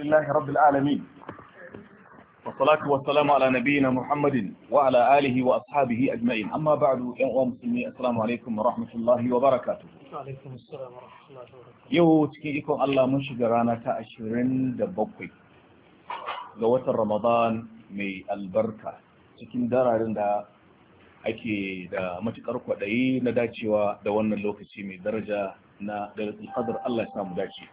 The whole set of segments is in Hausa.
لله رب العالمين والصلاة والسلام على نبينا محمد وعلى آله وأصحابه أجمعين أما بعد يا مسلمين السلام عليكم ورحمة الله وبركاته وعليكم السلام ورحمة الله وبركاته يو تكيكم الله من شجرانا تأشرين دبقي لوة رمضان مي البركة cikin dararin da ake da matukar kwaɗayi na dacewa da wannan lokaci mai daraja na dalatul qadr Allah ya samu dace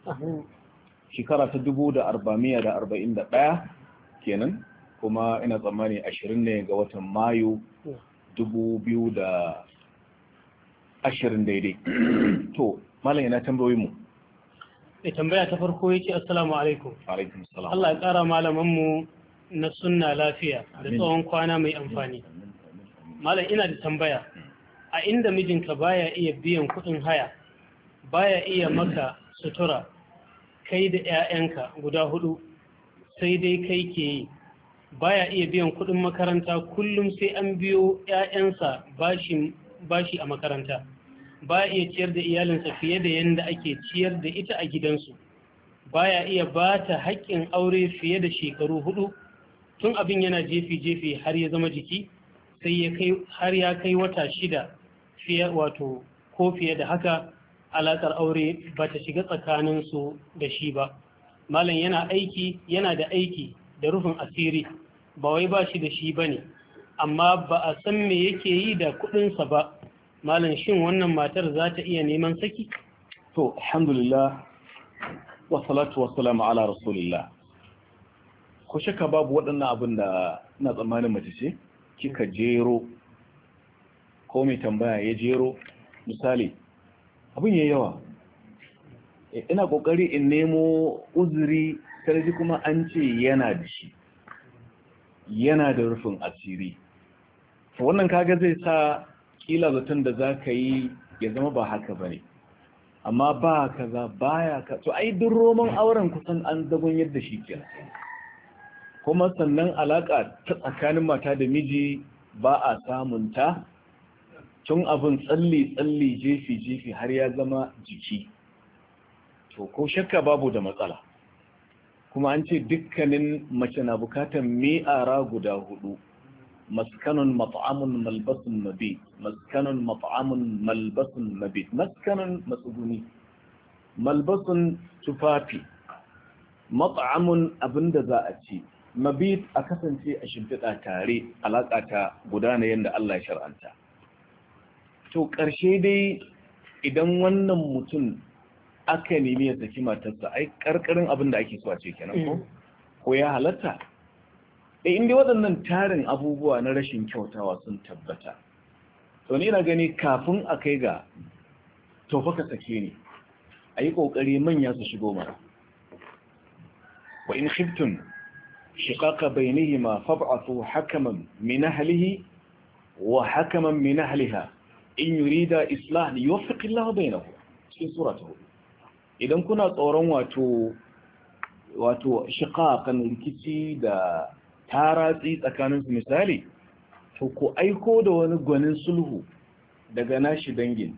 shekara ta dubu da arba'amiya da arba'in da ɗaya kenan kuma ina tsammani ashirin ne ga watan mayu dubu biyu da ashirin daidai to malam yana tambayoyin mu da eh, tambaya ta farko yake assalamu alaikum alaikum salam Allah ya kara malaman mu na sunna lafiya da tsawon kwana mai amfani malam ina da tambaya a inda mijinka baya iya biyan kuɗin haya baya iya maka sutura kai da 'ya'yanka guda hudu sai dai kai ke yi baya iya biyan kudin makaranta kullum sai an biyo 'ya'yansa bashi a makaranta baya iya ciyar da iyalinsa fiye da yadda ake ciyar da ita a gidansu baya iya ba ta haƙƙin aure fiye da shekaru hudu tun abin yana jefi-jefi har ya zama jiki sai har ya kai wata shida fiye wato ko fiye da haka alaƙar aure ba ta shiga tsakaninsu da shi ba malam yana aiki yana da aiki da rufin asiri ba wai ba shi da shi ba ne amma ba a san me yake yi da kuɗinsa ba malam shin wannan matar za ta iya neman saki to alhamdulillah wa salatu wa ala rasulillah ko shaka babu waɗannan abin da na tsammanin mace ce kika jero ko mai tambaya ya jero misali abin ya yawa eh, ina kokari in nemo uzuri sarji kuma an ce yana da shi yana da rufin asiri to wannan kaga zai sa kila zaton da za ka yi ya zama ba haka ba ne amma ba kaza baya ka to ai duk roman auren kusan an zagon yadda shi ke kuma sannan alaƙa ta tsakanin mata da miji ba a samunta tun abin tsalli-tsalli jefi-jefi har ya zama jiki to ko shakka babu da matsala kuma an ce dukkanin mace na bukatar mi'ara guda hudu maskanun mata'amun malbasun mabi maskanun mata'amun malbasun mabi maskanun matsuguni malbasun tufafi mat'amun abinda za a ci mabit a kasance a shimfiɗa tare alaƙa ta gudana yadda Allah ya shar'anta to ƙarshe dai idan wannan mutum aka nemi ya saki matarsa ai ƙarƙarin abin da ake so a ce kenan ko mm. ko ya halatta eh inda waɗannan tarin abubuwa na rashin kyautawa sun tabbata to ni na gani kafin a kai ga to fa ka sake ni ayi ƙoƙari manya su shigo mara wa in khiftum shiqaqa bainihima fab'athu hakaman min ahlihi wa hakaman min ahliha in yurida islah li yuwaffiqillahu bainahu cikin tsura ta hudu idan kuna tsoron wato wato kan rikici da taratsi tsakanin su misali to ku aiko da wani gwanin sulhu daga nashi dangin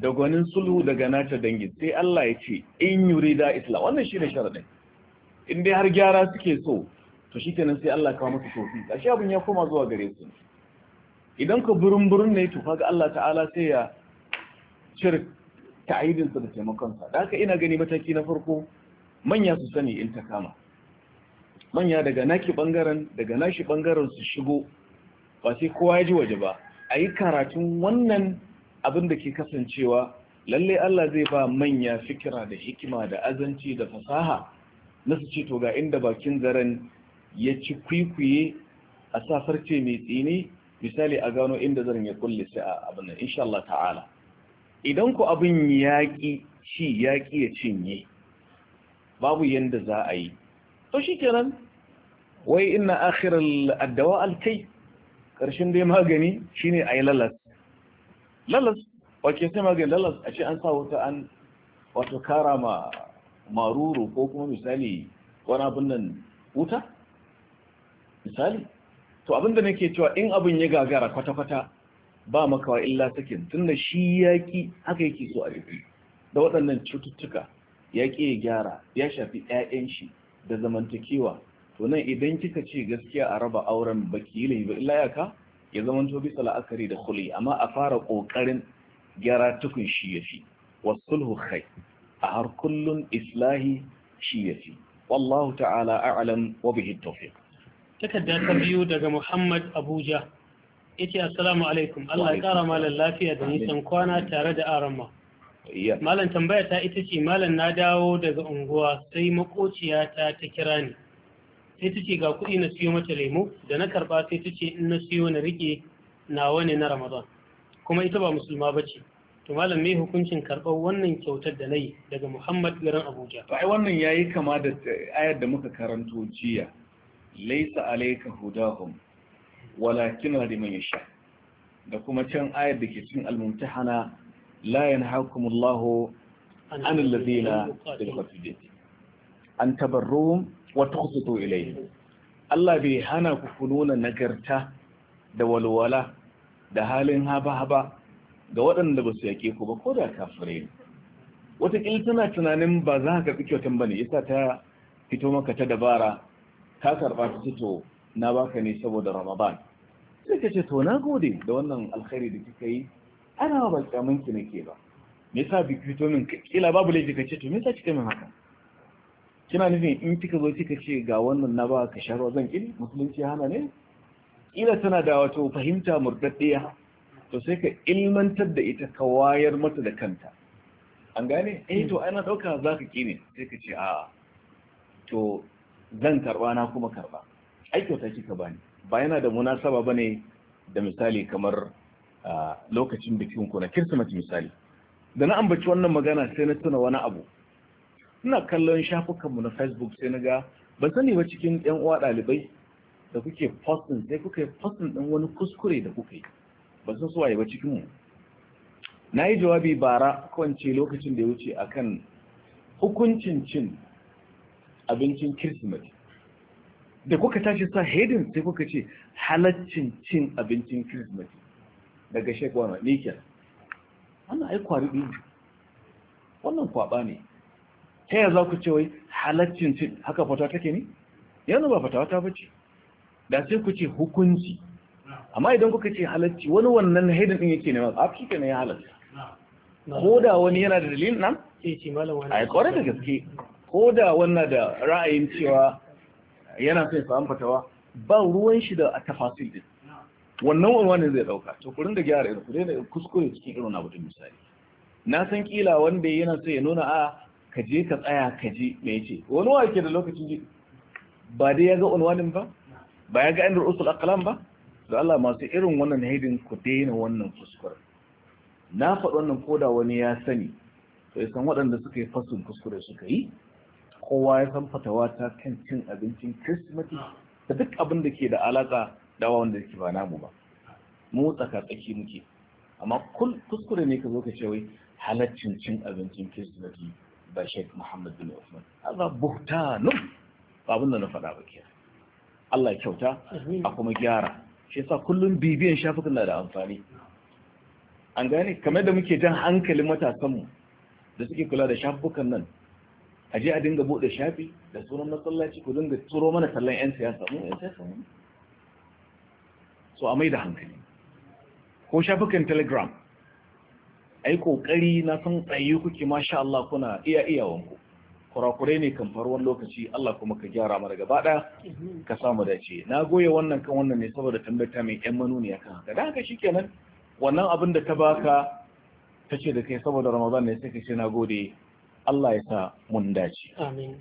da gwanin sulhu daga nata dangin sai Allah ya ce in yurida islah wannan shine sharadin in dai har gyara suke so to shi kenan sai Allah ya kawo musu tofi ashe abin ya koma zuwa gare su idan ka burin burin ne to kaga Allah ta'ala sai ya cire ta'idinsa da taimakonsa da haka ina gani mataki na farko manya su sani in ta kama manya daga naki bangaren daga nashi bangaren su shigo ba sai kowa ya ji waje ba a yi karatun wannan abin da ke kasancewa lallai Allah zai ba manya fikira da hikima da azanci da fasaha na su ce to ga inda bakin zaren ya ci kwikwiye a sa farce mai tsini misali a gano inda zarin ya kulle sai a abin nan insha Allah ta'ala idan ku abin yaƙi shi yaƙi ya cinye babu yanda za a yi to kenan wai inna akhir al-dawa al-kay karshen dai magani shine ayi lalas lalas wace sai magani lalas a ce an sa wuta an wato kara ma maruru ko kuma misali wani abin nan wuta misali to abinda nake cewa in abin ya gagara kwata-kwata ba makawa illa sakin da shi yaƙi haka yake so a jiki da waɗannan cututtuka yaƙi ya gyara ya shafi 'ya'yan shi da zamantakewa to nan idan kika ce gaskiya a raba auren baki yi ba illa ka ya zamanto bisa la'akari da kuli amma a fara ƙoƙarin gyara tukun shi Wa sulhu kai, a har kullun islahi shi ya fi. wallahu ta'ala a'lam wa bihi tawfiq takarda ta biyu daga Muhammad Abuja yace assalamu alaikum Allah ya kara malan lafiya da nisan kwana tare da arama malan tambaya ta ita ce malan na dawo daga unguwa sai makociya ta ta kira ni sai ta ce ga kuɗi na siyo mata lemo da na karba sai ta ce in na siyo na rike nawa ne na Ramadan kuma ita ba musulma ba ce, to malam me hukuncin karɓar wannan kyautar da nayi daga Muhammad garin Abuja to ai wannan yayi kama da ayar da muka karanto jiya laisa alayka hudahum walakin liman yasha da kuma can ayar da ke cikin al-mumtahana la yanhaakumullahu an alladhina yuqatilun an tabarruhum wa tuqsitu ilayhim Allah bai hana ku kununa nagarta da walwala da halin haba-haba ga waɗanda ba su yake ku ba ko da kafirai wataƙil tana tunanin ba za ka fi kyautan ba ne yasa ta fito maka ta dabara ka karba ta to na baka ne saboda ramadan sai ka ce to na gode da wannan alkhairi da kika yi ana ba kyamun ki nake ba me yasa bi fito min kila babu laifi ka ce to me yasa kika min haka kina nufi in kika zo kika ce ga wannan na ba ka sharwa zan kin musulunci hana ne kila tana da wato fahimta murdaddiya to sai ka ilmantar da ita ka wayar mata da kanta an gane eh to ana dauka zaka kine sai ka ce a'a to zan karba na kuma karba ai kyauta kika bani ba yana da munasaba bane da misali kamar lokacin bikin ku na kirsimati misali da na ambaci wannan magana sai na tuna wani abu ina kallon shafukanmu na facebook sai na ga ban sani ba cikin yan uwa ɗalibai da kuke postin sai kuka yi postin ɗin wani kuskure da kuka yi ba san suwaye ba cikinmu na yi jawabi bara kawance lokacin da ya wuce akan hukuncin cin abincin kirsimeti da kuka tashi sa hedin sai kuka ce halaccin cin abincin kirsimeti daga na nikel wannan ai kwari ɗin wannan kwaɓa ne ta yaya za ku ce wai halaccin cin haka fata take ne yanzu ba fata wata bace da sai ku ce hukunci amma idan kuka ce halacci wani wannan hedin ɗin yake nema a fi ne ya halatta ko da wani yana da dalilin nan a yi kwarai da gaske ko da wannan da ra'ayin cewa yana son samun fatawa ba ruwan shi da tafasil din wannan wani wani zai dauka to kurin da gyara irin kurin da kuskure cikin irin abu da misali na san kila wanda yana so ya nuna a ka je ka tsaya ka ji me yace wani wake da lokacin ji ba dai ya ga unwanin ba ba ya ga inda usul akalan ba da Allah masu irin wannan haidin ku daina wannan kuskure na faɗi wannan koda wani ya sani to san waɗanda suka yi fasin kuskure suka yi kowa ya san fatawa ta kan cin abincin kirsimati da duk abin da ke da alaƙa da wanda yake ba namu ba mu tsaka tsaki muke amma kuskure ne ka zo ka ce wai halaccin cin abincin kirsimati ba shek Muhammad bin Usman Allah buhta ba abin da na faɗa ba ke Allah ya kyauta a kuma gyara shi yasa kullum bibiyan shafukan na da amfani an gane kamar da muke jan hankalin matasanmu da suke kula da shafukan nan a je a dinga bude shafi da sunan masallaci ku dinga turo mana sallan yan siyasa mu yan siyasa mu so a mai da hankali ko shafukan telegram ai kokari na san tsaye kuke masha Allah kuna iya iyawanku kurakurai ne kan faruwar lokaci Allah kuma ka gyara mana gaba daya ka samu dace na goye wannan kan wannan ne saboda tambata mai yan manuniya kan haka da haka shikenan wannan abin da ta baka tace da kai saboda Ramadan ne sai ka ce na gode Allah ya sa mun dace amin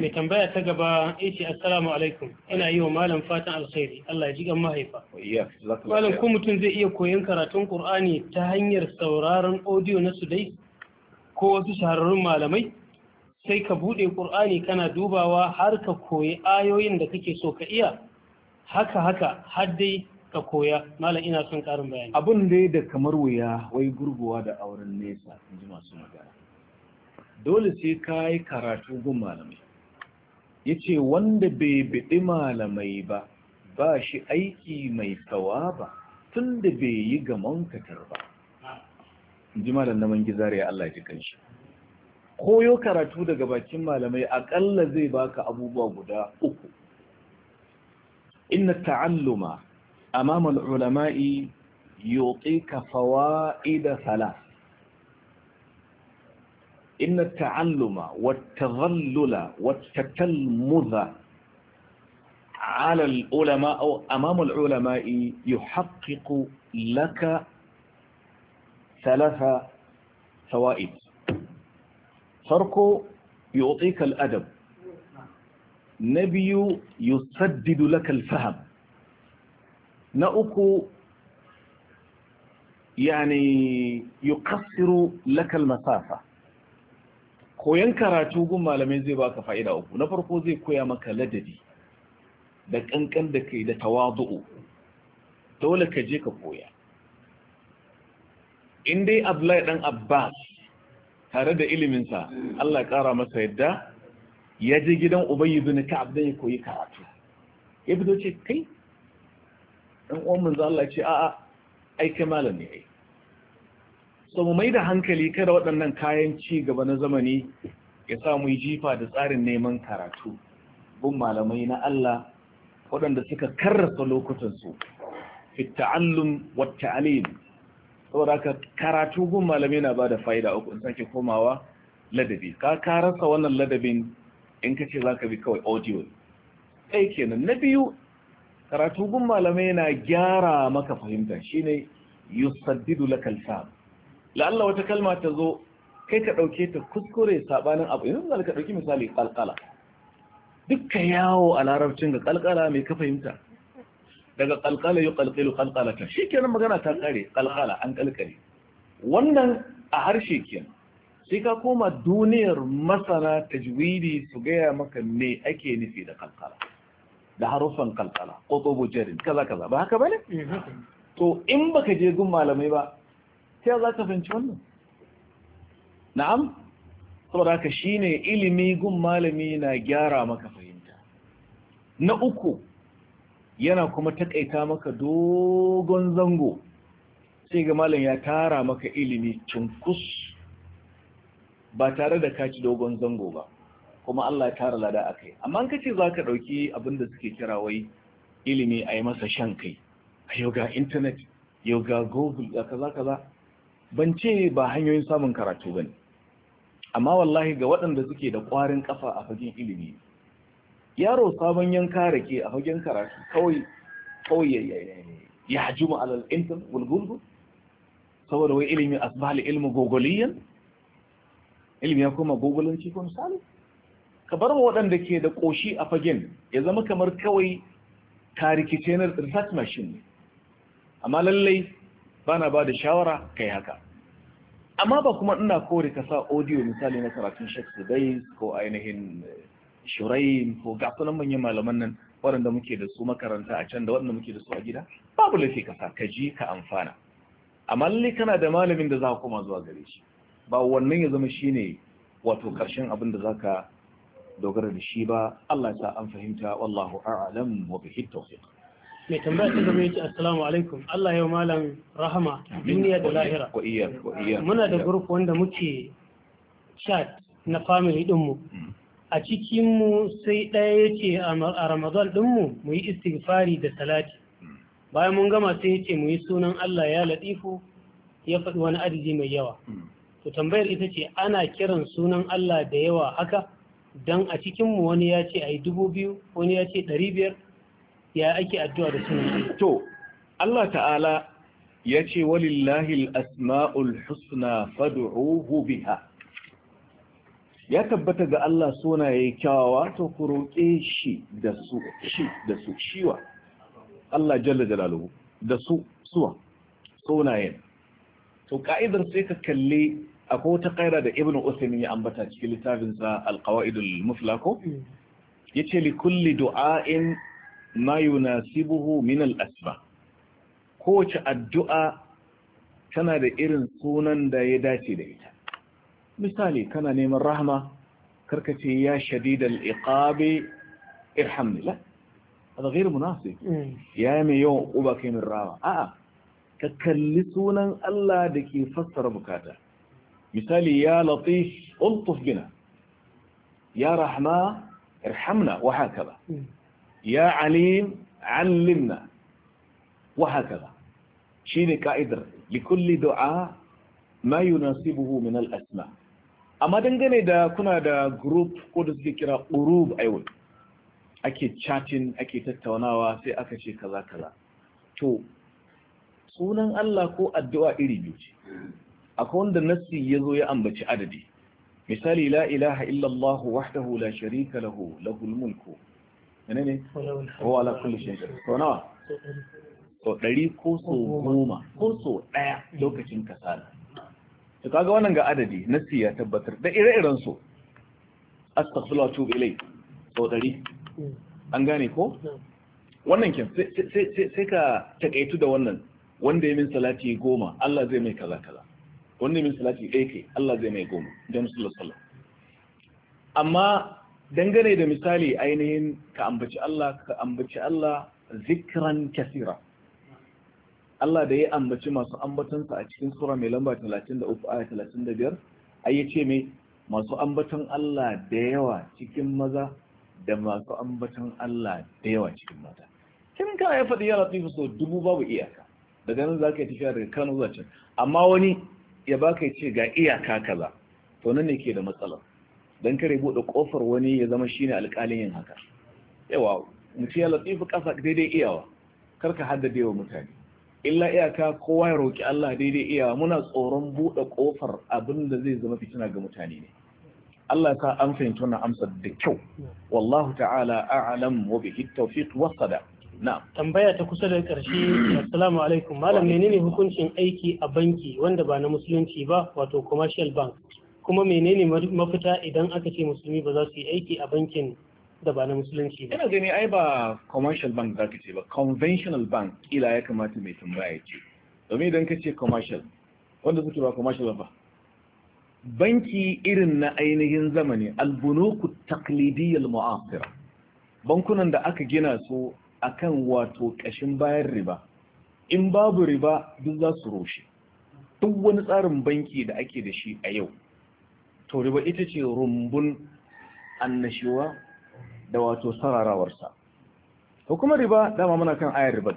mai tambaya ta gaba ya ce assalamu alaikum ina yi wa malam fatan alkhairi Allah ya ji gan mahaifa malam ko mutum zai iya koyon karatun Kur'ani ta hanyar sauraron audio na su dai ko wasu shahararrun malamai sai ka buɗe qur'ani kana dubawa har ka koyi ayoyin da kake so ka iya haka haka har dai ka koya malam ina son karin bayani abun dai da kamar wuya wai gurguwa da auren nesa in ji masu magana dole sai ka yi karatu gun malamai ya ce wanda bai biɗi malamai ba ba shi aiki mai ba tun da bai yi gamon katar ba ji malam na mangi zariya Allah ji kanshi koyo karatu daga bakin malamai akalla zai baka abubuwa guda uku inna ta'alluma amama 'ulama'i ulamai yuqika fawaid thalath إن التعلم والتظلل والتكلمذ على العلماء أو أمام العلماء يحقق لك ثلاث فوائد فرق يعطيك الأدب نبي يسدد لك الفهم نأك يعني يقصر لك المسافة koyan karatu gun malamai zai baka fa'ida uku na farko zai koya maka ladabi da kankan da kai da tawadu'u dole ka je ka koya in dai Abdullahi dan Abbas tare da iliminsa Allah ya kara masa yadda ya je gidan Ubayy bin Ka'ab dan ya koyi karatu ya fito ce kai dan uwan manzo Allah ya ce a'a ai kai malami ai so mu mai da hankali kada waɗannan kayan ci gaba na zamani ya sa mu yi jifa da tsarin neman karatu bin malamai na Allah waɗanda suka karrasa lokutansu fit ta'allum wa ta'alim saboda ka karatu gun malamai na ba da fa'ida uku in sake komawa ladabi ka rasa wannan ladabin in ka ce za ka bi kawai audio ɗai kenan na biyu karatu gun malamai na gyara maka fahimta shine yusaddidu lakal fahim la'alla wata kalma ta zo kai ka ɗauke ta kuskure saɓanin abu yanzu za ɗauki misali ƙalƙala Duka yawo a larabcin ga ƙalƙala mai ka fahimta daga ƙalƙala yi ƙalƙilu ƙalƙala ta shi kenan magana ta ƙare ƙalƙala an ƙalƙare wannan a harshe kenan sai ka koma duniyar masana tajwidi su gaya maka me ake nufi da ƙalƙala da harufan ƙalƙala ƙoƙo bujerin kaza kaza ba haka ba ne eh, to in baka je gun malamai ba ta za ka fahimci wannan na'am saboda haka shine ilimi gun malami na gyara maka fahimta na uku yana kuma takaita maka dogon zango sai ga malam ya tara maka ilimi cunkus ba tare da kaci dogon zango ba kuma Allah ya tara lada a kai amma an kace za ka ɗauki abinda suke kira wai ilimi a yi masa shan kai yau ga intanet yau ga kaza kaza ban ce ba hanyoyin samun karatu ba ne amma wallahi ga waɗanda suke da ƙwarin ƙafa a fagen ilimi yaro sabon yanka rake a fagen karatu kawai kawai ya hajjuma alal intan gulgulgul saboda wai ilimi asbali ilmu gogoliyan ilimi ya koma gogolin ko misali ka bar waɗanda ke da ƙoshi a fagen ya zama kamar kawai ka rikice na research machine amma lallai bana ba da shawara kai haka amma ba kuma ina kore ka sa audio misali na karatun Sheikh Sudais ko ainihin eh, Shuraim ko ga manyan malaman nan waɗanda muke da su makaranta a can da waɗanda muke da su a gida babu laifi ka sa ka ji ka amfana amma lalle kana da malamin da za ka koma zuwa gare shi ba wannan ya zama shine wato karshen abin da za ka dogara da shi ba Allah ya sa an fahimta wallahu a'lam wa bihi tawfiq mai tambaya ta zama yake assalamu alaikum Allah yau malam rahama duniya da lahira muna da guruf wanda muke chat na family dinmu hmm. a cikinmu sai ɗaya yace a ramadan dinmu mu yi istighfari da salati hmm. bayan mun gama sai yace mu yi sunan Allah ya latifu ya faɗi wani adadi mai yawa hmm. to tambayar ita ce ana kiran sunan Allah da yawa haka dan a cikinmu wani ya ce a dubu biyu wani ya ce ɗari biyar ya ake addu'a da sunan to Allah ta'ala ya ce walillahi al-asma'ul husna fad'uhu biha ya tabbata ga Allah sunaye kyawawa to ku shi da su shi da su shiwa Allah jalla jalaluhu da su suwa sunayen to ka'idar sai ka kalli akwai wata ƙaira da ibn Uthaymeen ya ambata cikin littafinsa al-qawaidul muflako hmm. yace li kulli du'ain ما يناسبه من الأسماء كوش الدعاء كان دا إرن سونا دا يداتي دا مثالي كان نيم الرحمة كركتي يا شديد الإقاب ارحمني لا هذا غير مناسب يا مي يوم من راوة آآ آه، آه. تكل سونا ألا دك يفسر مثالي يا لطيف ألطف بنا يا رحمة ارحمنا وهكذا ya alim allimna wa hakaza shine ka'idar likulli du'a ma yunasibuhu min al-asma amma dangane da kuna da gurup ko da suke kira urub aiwai ake chatting ake tattaunawa sai aka ce kaza kaza to sunan Allah ko addu'a iri biyu ce akwai wanda nassi yazo ya ambaci adadi misali la ilaha illallah wahdahu la sharika lahu lahul ne ne wa ala kulli shay'in to nawa to ɗari ko so goma ko so ɗaya mm. lokacin kasala to kaga wannan ga adadi nasi ya tabbatar da ire-iren su astaghfirullah tu ilai so ɗari mm. an gane ko mm. wannan kin sai ka takaitu da wannan wanda ya min salati goma Allah zai mai kaza kaza wanda ya min salati ɗaya kai Allah zai mai goma don sallallahu alaihi wasallam amma dangane da misali ainihin ka ambaci Allah ka ambaci Allah zikran kasira Allah da ya ambaci masu ambatansa a cikin sura mai lamba 33 aya 35 ai yace mai masu ambatan Allah da yawa cikin maza da masu ambatan Allah da yawa cikin mata kin ka ya faɗi ya latifu so dubu babu iyaka daga nan zaka yi tafiya daga Kano zuwa can amma wani ya baka ya ce ga iyaka kaza to nan ne ke da matsalar don kare buɗe ƙofar wani ya zama shi ne alƙalin yin haka yawa mutum ya latifu ƙasa daidai iyawa karka haddade wa mutane illa iyaka kowa ya roƙi Allah daidai iyawa muna tsoron buɗe ƙofar abin da zai zama fitina ga mutane ne Allah ka an fahimci wannan amsar da kyau wallahu ta'ala a'lam wa bihi tawfiq wa sada na'am tambaya ta kusa da karshe assalamu alaikum malam menene hukuncin aiki a banki wanda ba na musulunci ba wato commercial bank kuma menene mafita idan aka ce musulmi ba za su yi aiki a bankin da ba na musulunci ba. Ina gani ai ba commercial bank za ka ce ba, conventional bank Ila ya kamata mai tambaya ya ce. Domin idan ka ce commercial, wanda suke ba commercial ba. Banki irin na ainihin zamani, albunuku taklidiyar mu'afira. Bankunan da aka gina su akan wato ƙashin bayan riba. In babu riba duk za su rushe. Duk wani tsarin banki da ake da shi a yau, to riba ita ce rumbun annashuwa da wato sararawarsa to kuma riba dama muna kan ayar riba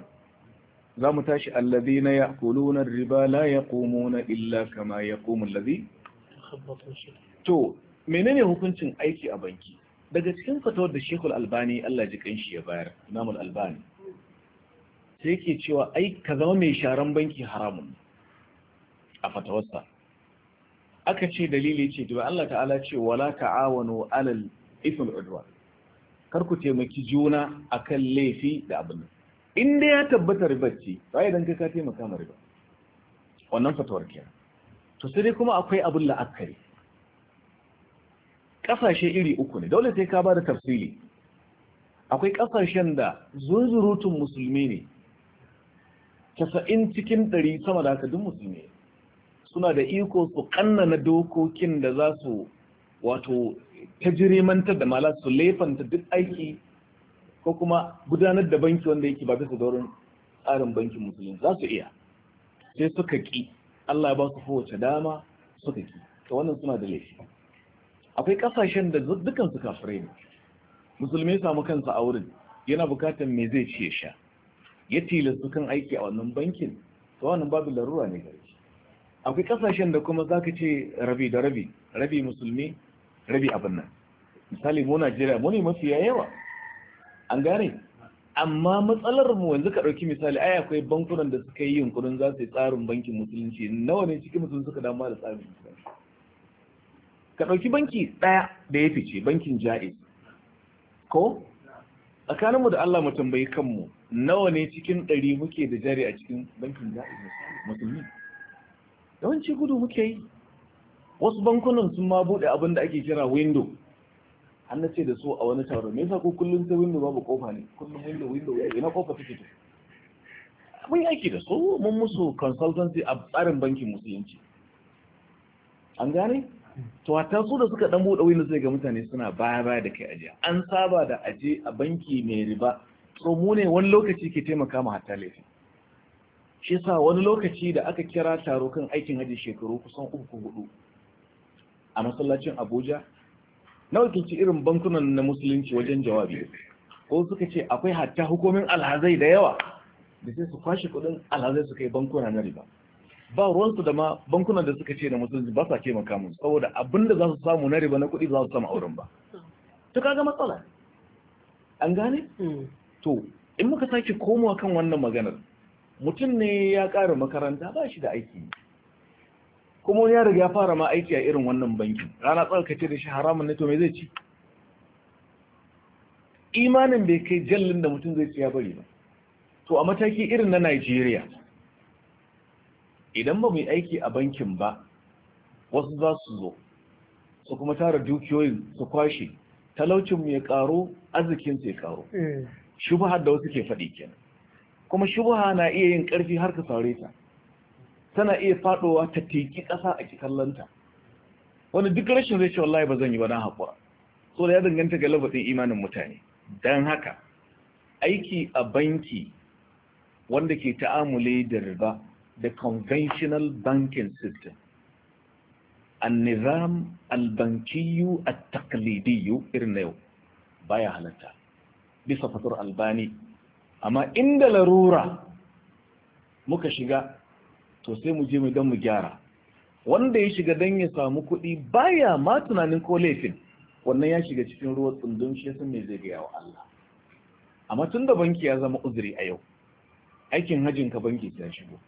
za mu tashi alladhina ya'kuluna riba la yaqumuna illa kama yaqumu alladhi to menene hukuncin aiki a banki daga cikin fatawar da Sheikhul Albani Allah ji kanshi ya bayar Imam Albani sai yake cewa ai ka zama mai sharan banki haramun a fatawarsa aka ce dalili ce da Allah ta'ala ce wala ta'awanu alal ismul udwan kar ku taimaki juna akan laifi da abin in dai ya tabbata riba ce sai ka taimaka ma riba wannan fatawar ke to sai dai kuma akwai abin la'akari kasashe iri uku ne dole sai ka ba da tafsili akwai kasashen da zunzurutun musulmi ne casa'in cikin ɗari sama da haka duk musulmi ne suna da iko su kannana dokokin da za su wato tajirimantar da mala su laifanta duk aiki ko kuma gudanar da banki wanda yake ba bisa daurin tsarin bankin musulun za su iya sai suka ki. Allah ba su kowace dama suka ki. ta wannan suna da laifi akwai ƙasashen da dukkan su kafirai ne musulmi samu kansa a wurin yana bukatar me zai ce sha ya tilasta kan aiki a wannan bankin ta wannan babu larura ne gari akwai kasashen da kuma zaka ce rabi da rabi rabi musulmi rabi abin nan misali mu Najeriya mu ne mafi yawa an gane amma matsalar mu yanzu ka ɗauki misali ai akwai bankunan da suka yi yunkurin za su yi tsarin bankin musulunci nawa ne cikin musulun suka damuwa da tsarin musulunci ka ɗauki banki ɗaya da ya fice bankin ja'i ko tsakaninmu da Allah mu tambayi kanmu nawa ne cikin ɗari muke da jari a cikin bankin ja'i musulmi yawanci gudu muke yi wasu bankunan sun ma buɗe abin da ake kira window an na ce da su a wani taron me yasa ko kullum ta window babu kofa ne kullum window window ya ina kofa take to mun aiki da su mun musu consultancy a tsarin bankin musulunci an gane to a su da suka dan bude window sai ga mutane suna baya baya da kai aje an saba da aje a banki mai riba so mu ne wani lokaci ke taimaka mu hatta laifin shi yasa wani lokaci da aka kira taro kan aikin hajji shekaru kusan uku hudu a masallacin Abuja na wakilci irin bankunan na musulunci wajen jawabi ko suka ce akwai hatta hukumin alhazai da yawa da sai su kwashe kudin alhazai su kai bankuna na riba ba ruwansu da ma bankunan da suka ce na musulunci ba sa taimaka musu saboda abin za su samu na riba na kuɗi za su samu auren ba to kaga matsala an gane hmm. to in muka sake komawa kan wannan maganar mutum ne ya ƙara makaranta ba shi da aiki kuma ya riga fara ma aiki a irin wannan bankin rana tsarkace da shi haramun ne to me zai ci imanin bai kai jallin da mutum zai ci ya bari ba to a mataki irin na Najeriya idan ba mu yi aiki a bankin ba wasu za su zo su kuma tara dukiyoyin su kwashe talaucin mu ya karo arzikin su ya karo eh. shubahar da wasu ke faɗi kenan kuma shubha na iya yin ƙarfi har ka sare ta tana iya faɗowa ta teki ƙasa a kallonta wani duk rashin zai ce wallahi ba zan yi ba na haƙura so da ya danganta ga labarin imanin mutane don haka aiki a banki wanda ke ta'amule da riba da conventional banking system annizam albankiyu at-taqlidiyu irin yau baya halatta bisa fatar albani amma inda larura muka shiga to sai mu je mu don mu gyara wanda ya shiga don ya samu kuɗi baya ma tunanin ko laifin wannan ya shiga cikin ruwa tsundun shi sun me zai gaya Allah amma tunda banki ya zama uzuri a yau aikin hajjin ka banki sai ya shigo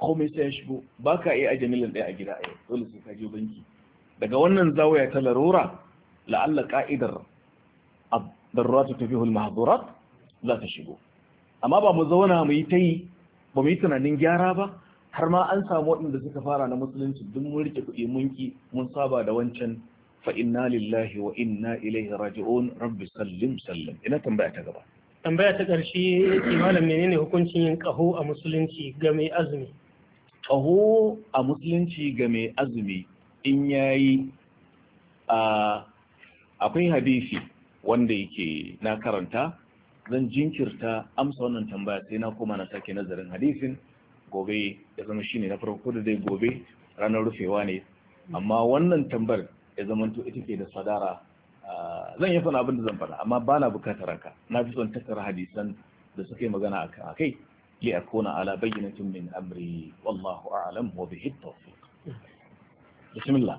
komai sai ya shigo baka iya ajiye daya ɗaya a gida a yau dole sai ka je banki daga wannan zawaya ta larura la'alla ka'idar ad-daruratu tufihul mahdhurat za ta shigo amma ba mu zauna mu yi ta yi ba mu yi tunanin gyara ba har ma an samu waɗanda suka fara na musulunci duk mun rike kuɗi mun ki mun saba da wancan fa inna lillahi wa inna ilaihi raji'un rabbi sallim sallim ina tambaya ta gaba tambaya ta ƙarshe yake malam menene hukuncin yin ƙaho a musulunci ga mai azumi ƙaho a musulunci ga mai azumi in yayi ah, akwai hadisi wanda yake na karanta zan jinkirta amsa wannan tambaya sai na koma na sake nazarin hadisin gobe ya zama shi ne na farko da dai gobe ranar rufewa ne amma wannan tambar ya zama to ita ke da sadara ah, zan yi fana abinda zan faɗa amma ba na bukatar haka na fi son tattara hadisan da suka yi magana a kai, li a kona ala bayyinatin min amri wallahu a'lam wa bihi tawfiq bismillah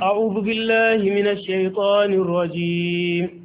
a'udhu billahi minash shaitanir rajim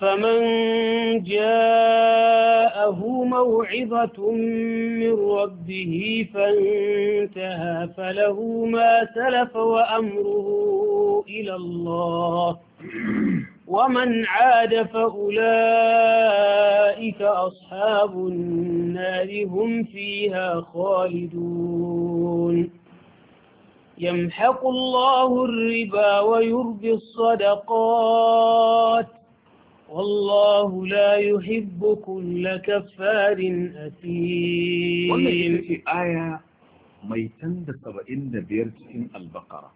فمن جاءه موعظة من ربه فانتهى فله ما سلف وأمره إلى الله ومن عاد فأولئك أصحاب النار هم فيها خالدون يمحق الله الربا ويربي الصدقات Wallahu لا يحب كل كفار أثيم wannan ita aya mai tanda saba'in da biyar cikin albakara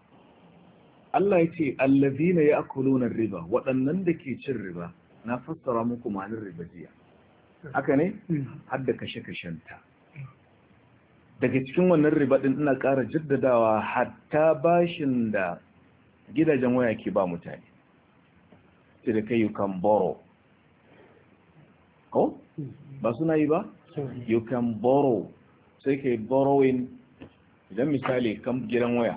Allah ya ce allazina ya akulunan riba waɗannan da ke cin riba na fassara muku ma'anar riba jiya haka ne har da kashe-kashenta daga cikin wannan riba ɗin ina ƙara jaddadawa hatta bashin da gidajen waya ke ba mutane sirikai you can borrow ko ba suna yi ba you can borrow sai ka yi borrowing idan misali kan gidan waya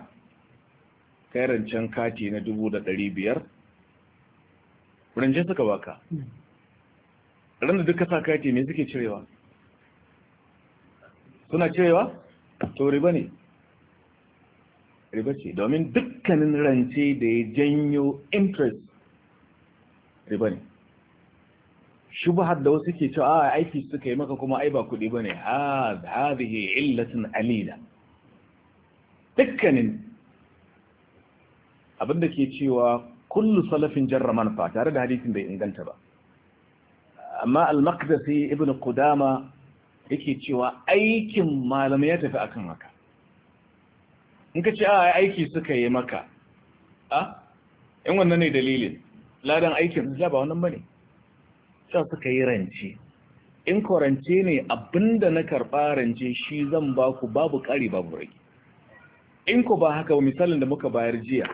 kai rancen kati na dubu da dari biyar rancen suka baka ran da duka sa kati ne suke cirewa suna cirewa to riba ne riba ce domin dukkanin rance da ya janyo interest ba ne shubhar da wasu ke cewa a aiki suka yi maka kuma ai ba kuɗi ba ne da hadhihi illatin alila dukkanin abinda ke cewa kullu salafin jarra manfa tare da hadisin bai inganta ba amma al-maqdisi ibn qudama yake cewa aikin malamai ya tafi akan haka in ka ce a aiki suka yi maka a ah, in wannan ne dalilin ladan aikin da ba wannan bane sai suka yi rance in ko rance ne abinda na karɓa rance shi zan ba ku babu kari babu rage in ko ba haka ba misalin da muka bayar jiya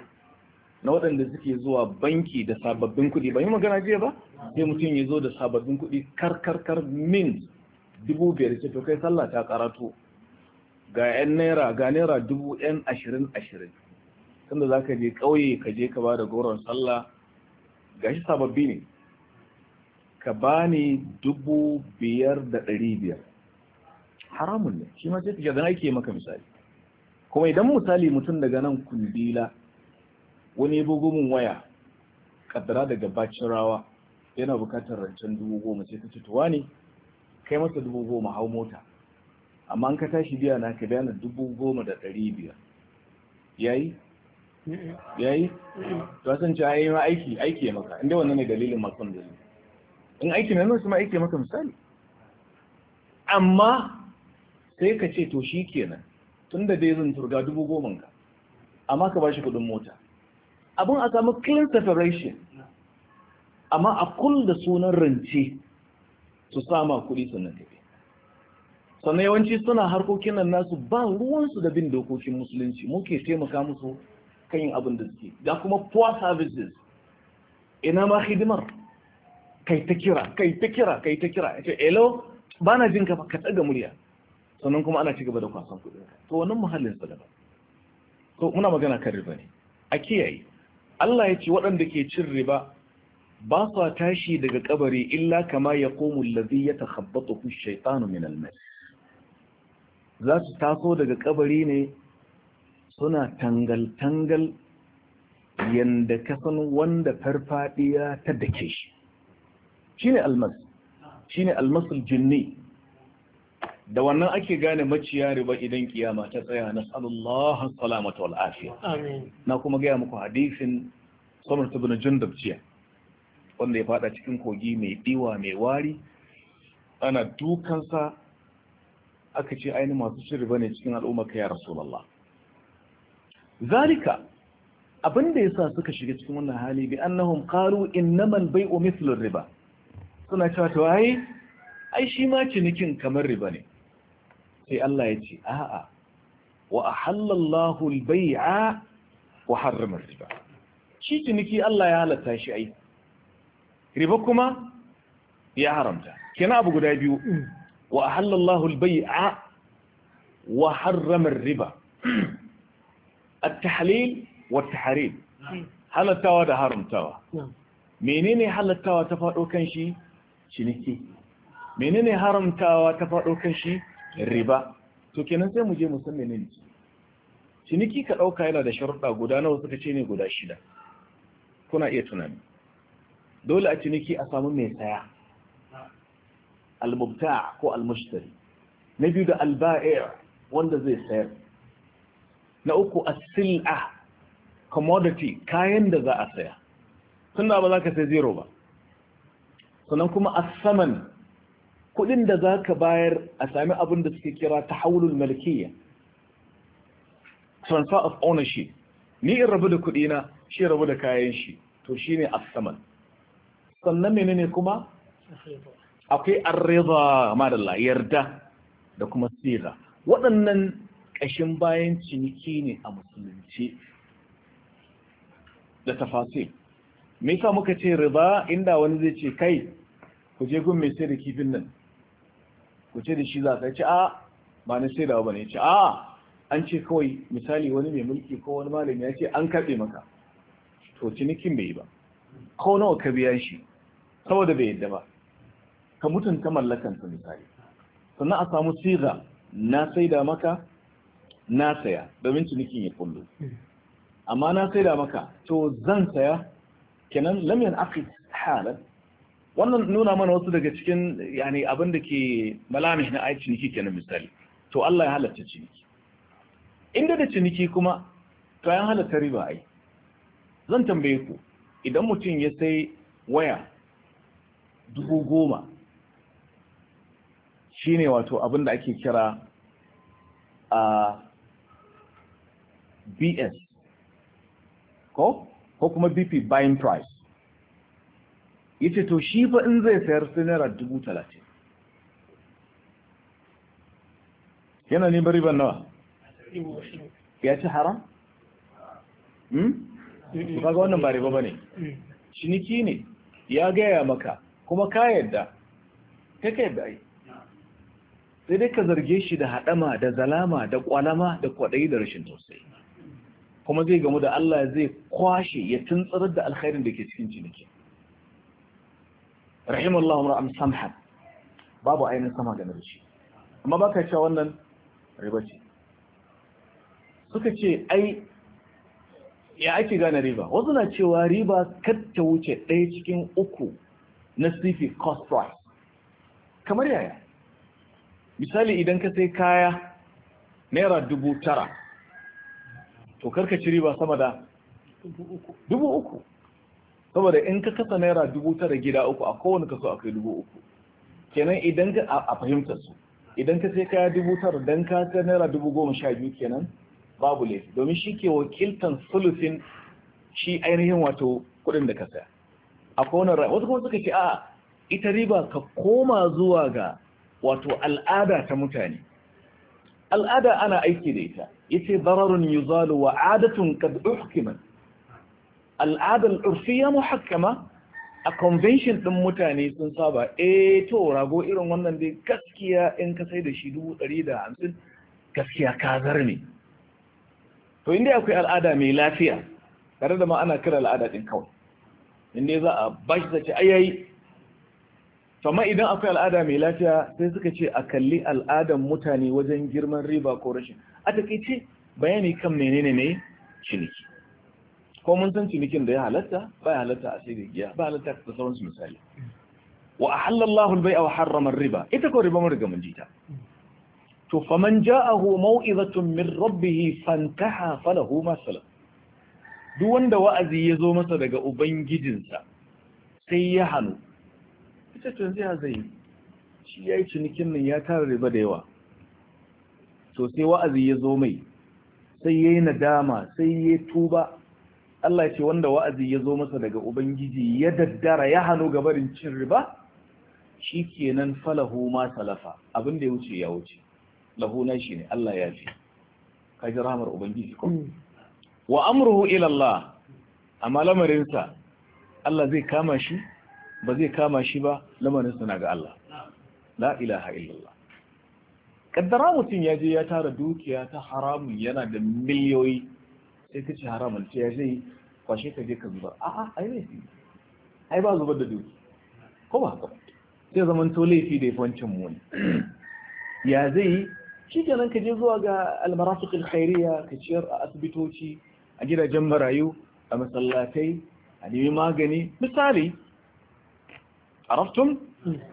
na waɗanda suke zuwa banki da sababbin kuɗi ba yi magana jiya ba sai mutum ya zo da sababbin kuɗi karkarkar min dubu biyar ce to kai sallah ta karatu ga yan naira ga naira dubu yan ashirin ashirin tunda za ka je ƙauye ka je ka ba da goron sallah gashi sababbi ne ka bani dubu biyar da ɗari biyar haramun ne shi ma sai ka zana ake maka misali kuma idan misali mutum daga nan kundila wani bugumin waya kaddara daga bacin rawa yana bukatar rancen dubu goma sai ka cutuwa ne kai masa dubu goma hau mota amma an ka tashi biya na ka biya na dubu goma da ɗari biyar yayi yayi to san cewa yi ma aiki aiki maka inda wannan ne dalilin makon da in aiki nan su ma aiki maka misali amma sai ka ce to shi kenan tun da dai zan turga dubu goma ka amma ka bashi kudin mota Abin a samu clean separation amma a kul da sunan rance su sama kuɗi sannan tafi sannan yawanci suna harkokin nan nasu ba ruwansu da bin dokokin musulunci muke taimaka musu kan yin abin da suke ga kuma poor services ina ma hidimar kai ta kira kai ta kira kai ta kira ita elo ba na jin ka ka tsaga murya sannan kuma ana cigaba da kwasan kuɗi to wannan muhallin su daban to muna magana kan riba ne a kiyaye Allah ya ce waɗanda ke cin riba ba su tashi daga kabari illa kama ya komu lazi ya kun shaitanu min almas za su taso daga kabari ne suna tangal-tangal yanda ka san wanda farfadiya ta dake shi shine almas shine almasul jinni da wannan ake gane maciya riba idan kiyama ta tsaya na sallallahu salamatu wal afiya amin na kuma ga muku hadisin samar ibn jundub jiya wanda ya fada cikin kogi mai diwa mai wari ana dukansa aka ce aini masu shirba ne cikin al'ummar ka ya rasulullah zalika abin da sa suka shiga cikin wannan hali bi annahum qalu innamal bai'u mithlu riba suna cewa to ai ai shi ma cinikin kamar riba ne sai Allah ya ce a'a wa ahallallahu al-bai'a wa harrama riba shi ciniki Allah ya halatta shi ai riba kuma ya haramta kenan abu guda biyu wa ahallallahu al-bai'a wa harrama riba at-tahlil wa at-tahrim da haramtawa menene halattawa ta fado kan shi ciniki menene haramtawa ta fado kan shi riba to kenan sai mu je mu san menene ciniki ka dauka yana da sharuɗa guda nawa suka ce ne guda shida kuna iya tunani dole a ciniki a samu mai saya al ko al na biyu da alba'e wanda zai sayar na uku a sila commodity kayan da za a saya tunda ba za ka sai zero ba sannan kuma a saman kudin da za ka bayar a sami abin da suke kira tahawulul malkiyya transfer of ownership ni in rabu da kudina shi rabu da kayan shi to ne a saman sannan menene kuma akwai ar-ridha madalla yarda da kuma siga waɗannan ƙashin bayan ciniki ne a musulunci da tafasi me yasa muka ce riba inda wani zai ce kai ku je gun mai sai da kifin nan ku ce da shi za ka ce a ba na sai da wani ce a an ce kawai misali wani mai mulki ko wani malami ya ce an karɓe maka to cinikin bai yi ba ko nawa ka biya shi saboda bai yadda ba ka mutunta mallakansa misali sannan a samu siga na sai da maka na saya domin cinikin ya kullu amma na sai da maka to zan saya kenan lam yanaqid halan wannan nuna mana wasu daga cikin yani abin da ke malamih na ai ciniki kenan misali to Allah ya halatta ciniki inda da ciniki kuma to ya halatta riba ai zan tambaye ku idan mutum ya sai waya dubu goma shine wato abin da ake kira a ah, bs ko ko kuma bp buying price yace to shi fa in zai sayar su naira dubu talatin yana neman ban nawa ya ci haram? Hmm? ga wannan ba riba ba ne ciniki ne ya gaya maka kuma ka yadda ka ka yadda ai sai dai ka zarge shi da haɗama da zalama da ƙwalama da kwaɗayi da rashin tausayi kuma zai gamu da Allah zai kwashe ya tuntsarar da alkhairin da ke cikin ciniki rahimallahu am samhan babu ainihin sama ga da shi amma baka cewa wannan riba ce suka ce ai ya ake gane riba wasu na cewa riba kar ta wuce ɗaya cikin uku na sifi cost price kamar yaya misali idan ka sai kaya naira dubu tara to karka ci riba sama da dubu uku saboda in ka kasa naira dubu tara gida uku a kowane kaso akwai dubu uku kenan idan ka a fahimtar su idan ka sai kaya dubu tara dan ka ta naira dubu goma sha biyu kenan babu laifi domin shi ke wakiltan sulusin shi ainihin wato kuɗin da ka saya a kowane rai wasu kuma suka ce a ita riba ka koma zuwa ga wato al'ada ta mutane al'ada ana aiki da ita yace dararun yuzalu wa adatun qad uhkimat al'ada al'urfiya muhakkama a convention ɗin mutane sun saba eh to rago irin wannan dai gaskiya in ka sai da shi hamsin gaskiya ka zarne to inda akwai al'ada mai lafiya tare da ma ana kira al'ada din kawai inda za a bashi zace ayayi amma idan akwai al'ada mai lafiya sai suka ce a kalli al'adan mutane wajen girman riba ko rashin a takaice bayani kan menene ne ciniki ko mun san cinikin da ya halatta ba ya halatta a sai giya ba halatta da sauransu misali wa ahallallahu al wa harrama riba ita ko riba mun riga mun jita to faman ja'ahu maw'izatun min rabbih fantaha falahu ma salam duk wanda wa'azi ya zo masa daga ubangijinsa sai ya hanu ita to zai zai shi ya yi cinikin nan ya tara riba da yawa to sai wa'azi ya zo mai sai ya yi nadama sai ya yi tuba Allah ce wanda wa'azi ya zo masa daga Ubangiji ya daddara ya hannu gabarin cin riba shi kenan falahu ma salafa abin da ya wuce ya wuce lahuna shi ne Allah ya ce. Ka ji rahamar Ubangiji ko mm. wa amruhu ila Allah malamarinsa Allah zai kama shi ba zai kama shi ba lamarin suna ga Allah la ilaha illallah kaddara mutum ya je ya tara dukiya ta haramun yana da miliyoyi sai ka ci haramun ce ya zai kwashe ka je ka zubar a'a ai laifi ai ba zubar da duki ko ba haka sai zaman to laifi da yawancin mu ne ya zai yi shi kenan ka je zuwa ga almarafiq alkhairiyya ka ciyar a asibitoci a gidajen marayu a masallatai a nemi magani misali araftum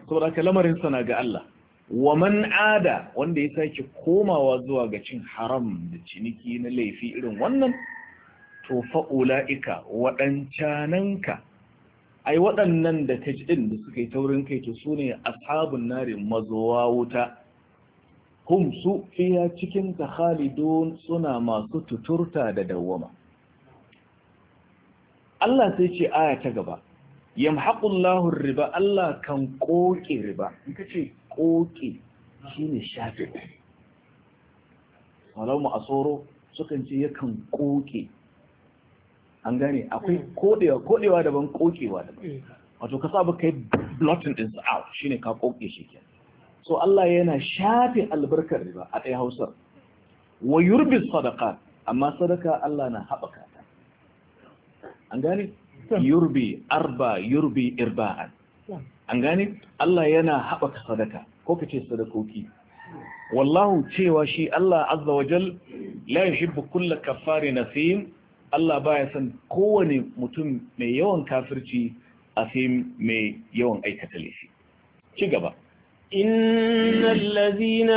saboda haka lamarin sana ga Allah wa man ada wanda ya sake komawa zuwa ga cin haram da ciniki na laifi irin wannan to fa'ula'ika waɗancananka ai waɗannan da ɗin da suka yi taurin kai to sune ashabun nari mazowa wuta hum su fiya cikin ta khalidun suna masu tuturta da dawwama Allah sai ce aya ta gaba yamhaqullahur riba Allah kan koke riba in kace koke shine shafe mu asoro sukan ce yakan koke an gane akwai mm. kodewa kodewa daban kokewa daban mm. wato ka saba kai blotting is out shine ka koke shi kenan so Allah yana shafe albarkar riba a ɗaya Hausar wa yurbi sadaka amma sadaka Allah na haɓaka ta an gane yurbi arba yurbi irba'an an gane Allah yana haɓaka sadaka ko kace sadakoki wallahu cewa shi Allah azza wajal la yuhibbu kulla kaffari nasim Allah baya san kowane mutum mai yawan kafirci asim mai yawan aikata laifi ci gaba إن الذين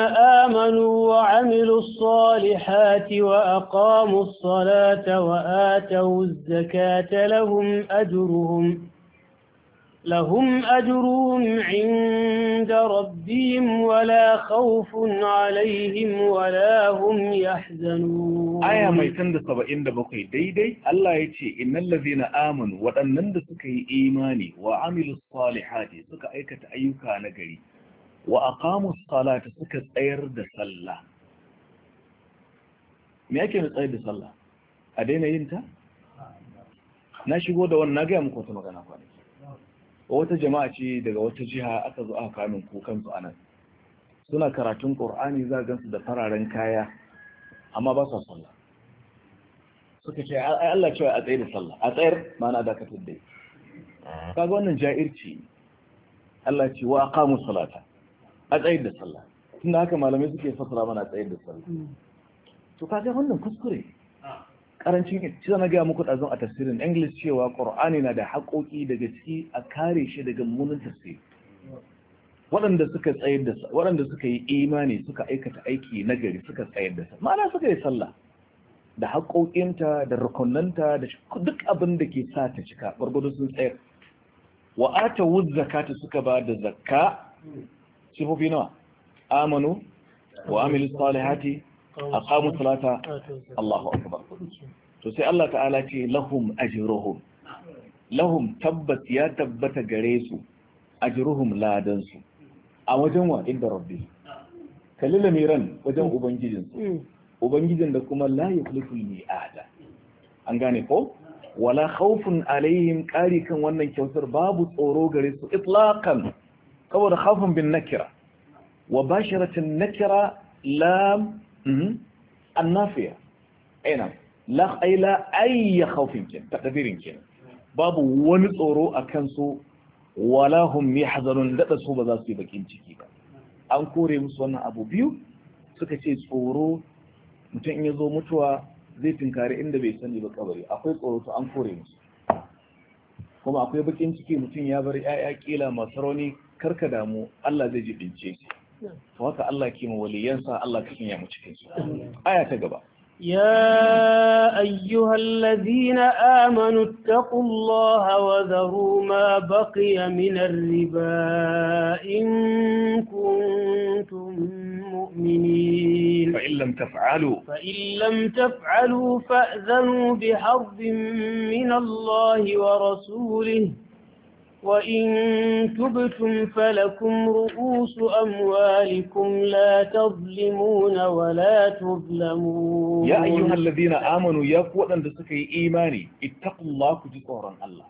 آمنوا وعملوا الصالحات وأقاموا الصلاة وآتوا الزكاة لهم أجرهم لهم أجرهم عند ربهم ولا خوف عليهم ولا هم يحزنون آية ما يتند سبعين دبقي دي دي الله يتشي إن الذين آمنوا وأنند سكي إيماني وعملوا الصالحات سكي أيكة أيكا نقري wa aqamu salata suka tsayar da sallah me yake da tsayar da sallah a daina yin ta na shigo da wannan ga muku wata magana kwanaki wata jama'a ce daga wata jiha aka zo aka kamin kan su anan suna karatun qur'ani za gansu da fararen kaya amma ba sa sallah suka ce ai Allah cewa a tsayar da sallah a tsayar ma'ana dakatar da kaga wannan ja'irci Allah ce wa aqamu salata a tsayar da sallah da haka malamai suke fasara mana a tsayar da sallah hmm. to ga wannan kuskure karancin shi na gaya muku ɗazon a tafsirin english cewa ƙor'ani na da haƙoƙi daga ciki a kare shi daga munin tafsiri waɗanda suka yi imani suka aikata aiki nagari suka tsayar da sallah ma'ana suka yi sallah da haƙoƙinta da rukunanta da duk abin da ke sa ta cika gwargwado sun tsayar wa ata zakata suka ba da zakka hmm. sifofi nawa amanu wa amilu salihati aqamu salata Allahu akbar to sai Allah ta'ala ce lahum ajruhum lahum tabbat ya tabbata gare su ajruhum ladan su a wajen wa inda rabbi kalli lamiran wajen ubangijin su mm. ubangijin da kuma la yukhlifu mi'ada an gane ko wala khawfun alaihim kari kan wannan kyautar babu tsoro gare su itlaqan saboda khafun bin nakira wa bashiratin nakira lam mhm, annafiya ainihin la aila ayya khafin kin takdirin kin babu wani tsoro a kansu wala hum yahzanun dada su ba za su yi bakin ciki ba an kore musu wannan abu biyu suka ce tsoro mutum in ya zo mutuwa zai tinkari inda bai sani ba kabari akwai tsoro to an kore musu kuma akwai bakin ciki mutum ya bar 'ya'ya kila masu rauni karka damu Allah zai jibince shi to haka Allah ke mu waliyansa Allah ka mu cikin aya ta gaba ya ayyuhallazina amanu taqullaha wa dharu ma baqiya minar riba in kuntum mu'minin fa illam taf'alu fa illam taf'alu fa'zanu bi harbin min Allah wa rasulihi وإن تبتم فلكم رؤوس أموالكم لا تظلمون ولا تظلمون يا أيها الذين آمنوا يا فوأن تسكي إيماني اتقوا الله كتورا الله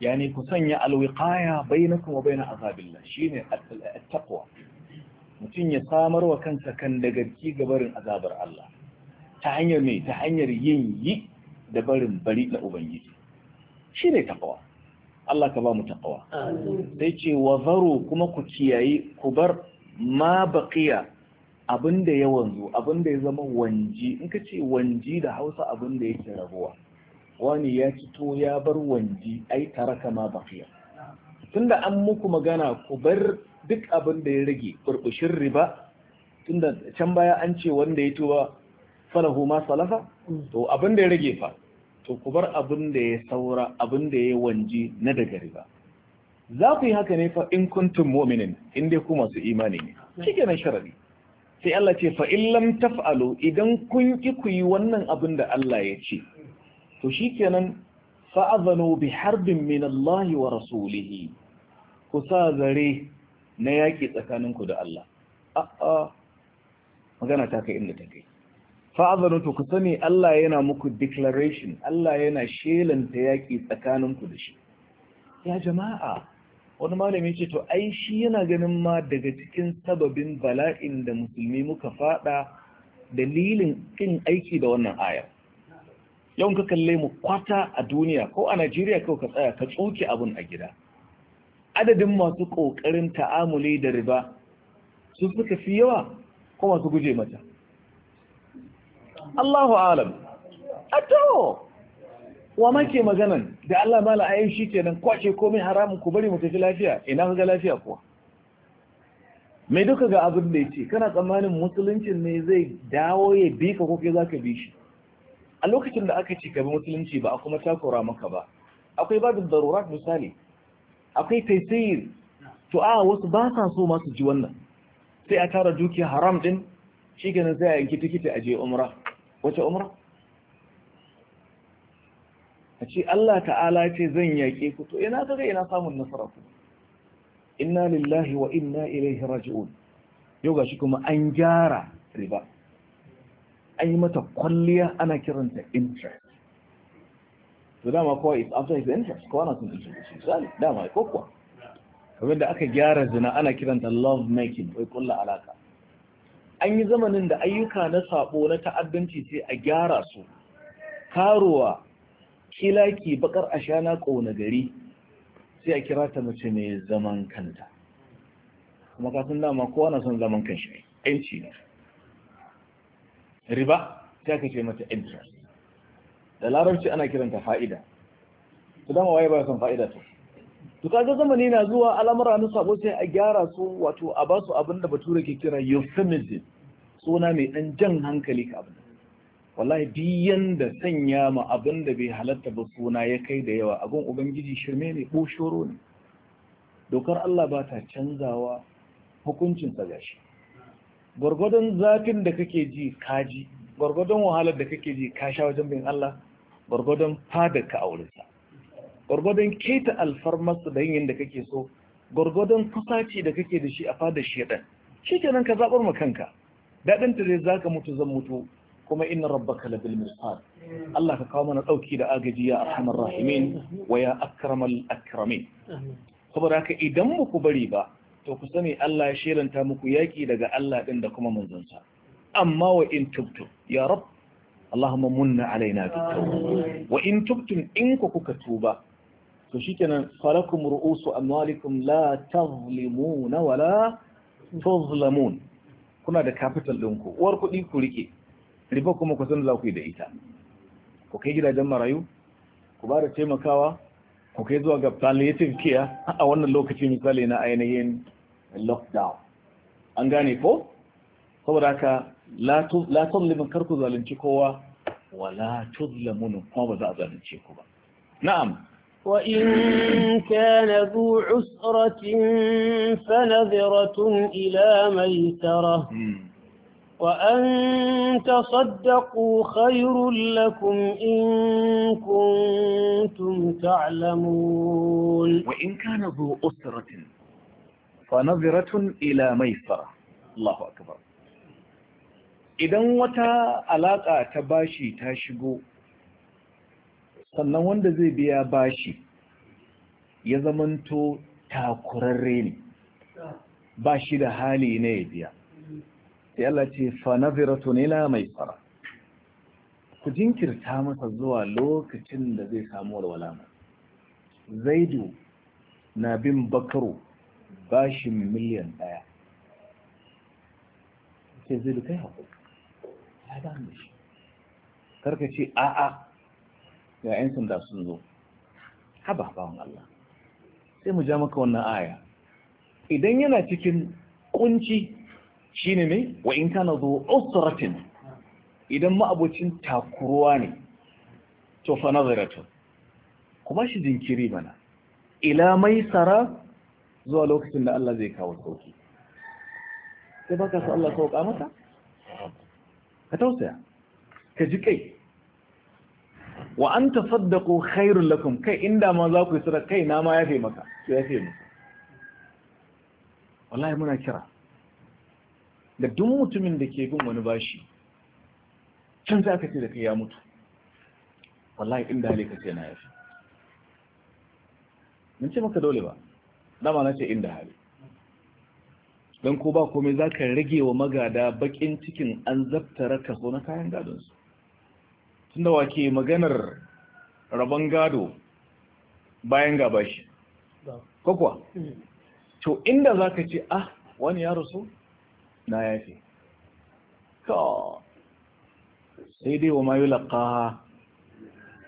يعني كسنيا الوقاية بينكم وبين عذاب الله شيني التقوى mutum ya samar wa kansa kan dagarki ga barin azabar Allah ta hanyar ne ta hanyar yin yi da barin bari na Ubangiji shi ne takawa Allah ka ba mu taqwa sai ce wa zaru kuma ku kiyayi ku bar ma baqiya abinda ya wanzu abinda ya zama wanji in ka ce wanji da Hausa abinda yake rabuwa wani ya fito ya bar wanji ai taraka ma baqiya tunda an muku magana ku bar duk abin da ya rage burbushin riba tunda can baya an ce wanda ya tuba falahu ma salafa mm. to abin da ya rage fa to ku bar abin da ya saura abin da ya wanji na daga riba za ku yi haka ne fa in kuntum mu'minin in dai ku masu imani ne cike na sharadi sai Allah ce fa in lam taf'alu idan kun ki ku yi wannan abin da Allah ya ce to shikenan fa azanu bi harbin min Allah wa rasulih ku sa zare na yaki tsakaninku da Allah a'a magana ta kai inda ta kai fa'azanu to ku sani Allah yana muku declaration Allah yana shelanta yaƙi tsakaninku da shi ya jama'a wani malami ce to ai shi yana ganin ma daga cikin sababin bala'in da musulmi muka fada dalilin kin aiki da wannan aya yau ka kalle mu kwata a duniya ko a Najeriya kawai ka tsaya ka tsoke abun a gida adadin masu ƙoƙarin ta'amuli da riba su suka fi yawa ko masu guje mata Allahu alam a to wa make maganan da Allah mala ayi shi kenan kwace komai haramun ku bari mu tafi lafiya ina ga lafiya kuwa mai duka ga abin da ya yace kana tsammanin musuluncin ne zai dawo ya bi ka ko za ka bi shi a lokacin da aka ce ka bi musulunci ba a kuma takura maka ba akwai babin darura misali akwai taisir to a wasu ba sa so masu ji wannan sai a tara dukiya haram din shi kenan sai a yanki tikiti a je umra wace umra a ce Allah ta'ala ce zan yaƙe ku to ina ga ina samun nasara ku inna lillahi wa inna ilaihi raji'un yau gashi kuma an gyara riba an yi mata kwalliya ana kiranta interest to dama kowa is after his interest kowa na sun interest zali dama ko kuwa kamar da aka gyara zina ana kiranta love making wai kulla alaka an yi zamanin da ayyuka na sabo na ta'addanci sai a gyara su karuwa kilaki bakar ashana kauna gari sai a kira ta mace mai zaman kanta kuma kasan dama kowa na son zaman kanshi yanci ne riba sai aka ce mata interest da larabci ana kiranta fa'ida su dama waye ba son fa'ida to to kaga zamani na zuwa al'amura na sabo sai a gyara su wato a ba su abin da bature ke kira euphemism suna mai ɗan jan hankali ka abin wallahi biyan da sanya ma abin da bai halatta ba suna ya kai da yawa abin ubangiji shirme ne ko shoro ne dokar Allah ba ta canzawa hukuncinsa gashi gwargwadon zafin da kake ji kaji gwargwadon wahalar da kake ji ka sha wajen bin Allah gwargwadon fadar ka aurinsa gwargwadon keta alfarmarsa da yin da kake so gwargwadon kusaci da kake da shi a fadar shedan shi kenan ka zaɓar ma kanka daɗin ta zai zaka mutu zan mutu kuma inna rabbaka labil mirsad Allah ka kawo mana ɗauki da agaji ya arhamar rahimin wa ya akramal akramin saboda haka idan muku bari ba to ku sani Allah ya shelanta muku yaƙi daga Allah ɗin da kuma manzansa amma wa in tubtum ya rab Allahumma munna alaina bit wa in tubtum in ku kuka tuba to shikenan falakum ru'usu amwalikum la tazlimuna wala tuzlamun kuna da capital ku uwar kuɗi ku rike riba kuma ku san za ku yi da ita ku kai gidajen marayu ku ba da taimakawa ku kai zuwa ga palliative care a wannan lokaci misali na ainihin lockdown an gane ko saboda haka la tuzlimin karku zalunci kowa wala tuzlamunu kuma ba za a zalunce ku ba na'am وإن كان ذو عسرة فنذرة إلى ميسرة وأن تصدقوا خير لكم إن كنتم تعلمون وإن كان ذو أسرة فنظرة إلى ميسرة الله أكبر إذا وتا علاقة تباشي تاشقو sannan wanda zai biya bashi ya zamanto takurarre ne ba shi da hali ne ya biya sai Allah ce fanaziratu ila mai fara ku jinkirta masa zuwa lokacin da zai samu walwala zaidu na bin bakaro bashin miliyan daya sai zaidu kai ya dame shi karka ce a'a ga 'yan sanda sun zo haba bawan Allah sai mu ja maka wannan aya idan yana cikin kunci shine ne wa in kana zo usratin idan ma'abocin takuruwa ne to fa nazaratu kuma shi jinkiri mana ila mai sara zuwa lokacin da Allah zai kawo sauki sai baka sa Allah sauka mata ka tausaya ka ji kai wa an tasaddaqu khairul lakum kai inda ma za ku yi sadaka kai na ma fi maka to fi maka wallahi muna kira da duk mutumin da ke bin wani bashi can za ka ce da kai ya mutu wallahi inda hali ka ce na yafe mun ce maka dole ba dama na ce inda hali don ko ba komai za ka rage wa magada bakin cikin an zaftara kaso na kayan gadonsu tunda ke maganar rabon gado bayan gaba shi kwakwa mm. to inda za ka ce ah wani ya rasu na yafe ka sai dai wa mayu laƙaha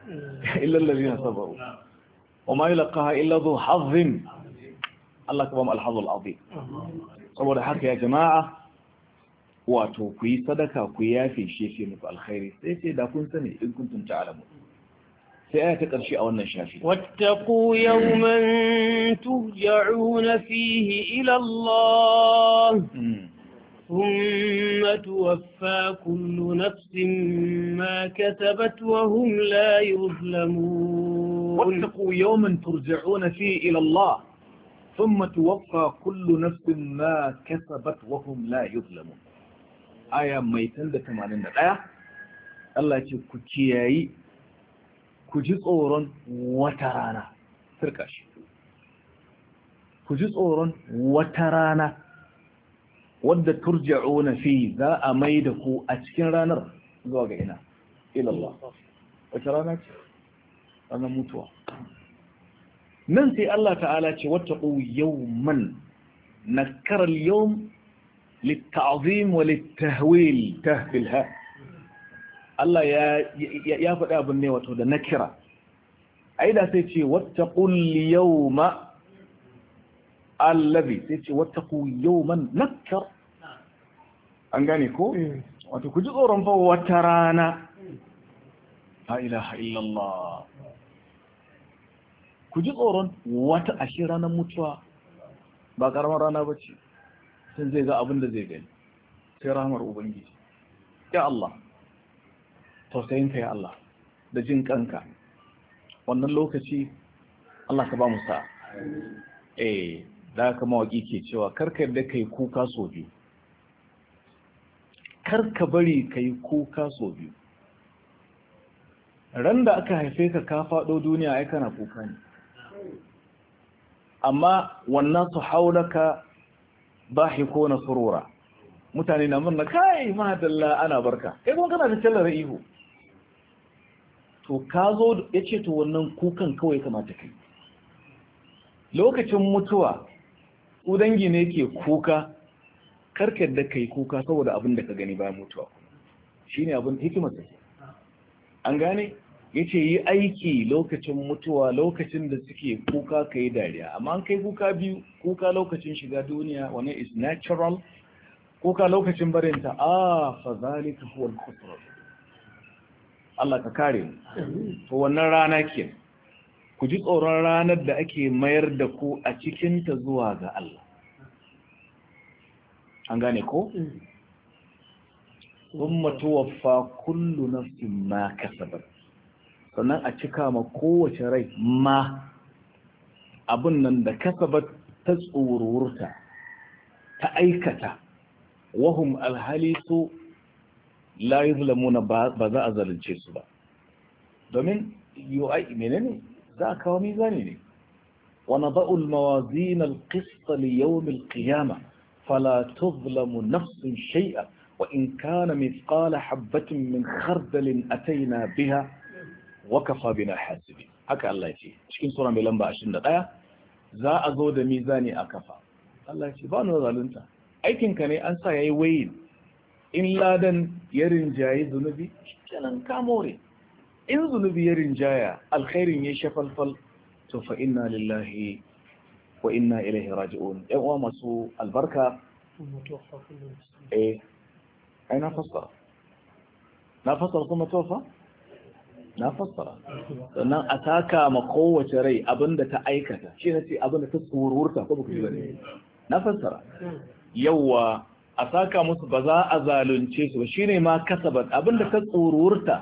mm. illallazi na sabaru wa mayu laƙaha zuwa hazin Allah ka ba mu alhazul abu saboda haka ya jama'a wato ku yi sadaka ku yafe shi fi muku alkhairi sai sai da kun sani in kuntum ta'lamu sai aya ta karshe a wannan shafi wattaqu yawman tuj'un fihi ila Allah ثم توفى كل نفس ما كسبت وهم لا يظلمون واتقوا يوما ترجعون فيه إلى الله ثم توفى كل نفس ما كسبت وهم لا يظلمون aya mai da tamanin da ɗaya Allah ce ku kiyayi ku ji tsoron wata rana sirka shi ku ji tsoron wata rana wadda turja'una fi za a mai da ku a cikin ranar zuwa ga ina ilallah wata rana ce ranar mutuwa nan sai Allah ta'ala ce wata yawman nakarar yawm للتعظيم وللتهويل تهبلها الله يا يا يا فدا ابن ني وتو ده نكرا ايدا سيتي واتقوا اليوم الذي سيتي واتقوا يوما نكر ان غني كو إيه. واتو كجي قورن فو واترانا لا اله الا الله كجي قورن وات اشي رانا متوا ba karamar rana ba ce sun zai ga abin da zai gani sai rahamar ubangiji ya Allah tausayinka ya Allah da jin kanka wannan lokaci Allah ka ba mu sa'a eh da ka mawaki ke cewa karka da kai kuka so biyu karka bari kai kuka so biyu ran da aka haife ka ka faɗo duniya ai kana kuka ne amma wannan su haulaka ko na surura mutane na murna kai mahadalla ana barka kai kuma kana da tallar ihu to ka zo ya to wannan kukan kawai kamata kai lokacin mutuwa udangi ne ke kuka karkar da kai kuka saboda abin da ka gani bayan mutuwa shine abin hikimar an gane yace yi aiki lokacin mutuwa lokacin da suke kuka kai dariya amma an kai kuka biyu kuka lokacin shiga duniya wani is natural kuka lokacin barinta ah fa zalika huwa al Allah ka kare mu to wannan rana ke ku ji tsoron ranar da ake mayar da ku a cikinta zuwa ga Allah an gane ko mm. thumma fa kullu nafsin ma kasabat sannan a cika ma kowace rai ma abin nan da kasaba ta tsorurta ta aikata wahum alhali so la yuzlamuna ba za a zalunce su ba domin UI menene za a kawo mizani ne wa nada'u mawazin al li yawm al fala tuzlamu nafsun shay'a wa in kana mithqala habatin min khardalin ataina biha wa kafa bina hasibi haka Allah ya ce cikin sura mai lamba 21 za a zo da mizani a kafa Allah ya ce ba nuna zalunta aikinka ne an sa yayi wayin in ladan ya rinjayi zunubi kenan ka more in zunubi ya rinjaya alkhairin ya shafalfal to fa inna lillahi wa inna ilaihi raji'un yan uwa masu albarka eh ai na fasara na fasara kuma tofa na fassara sannan a taka ma kowace rai abinda ta aikata shi na ce abinda ta tsururta ko buku ji na fassara yawa a saka musu ba za a zalunce su ba Shi ne ma Abin abinda ta tsururta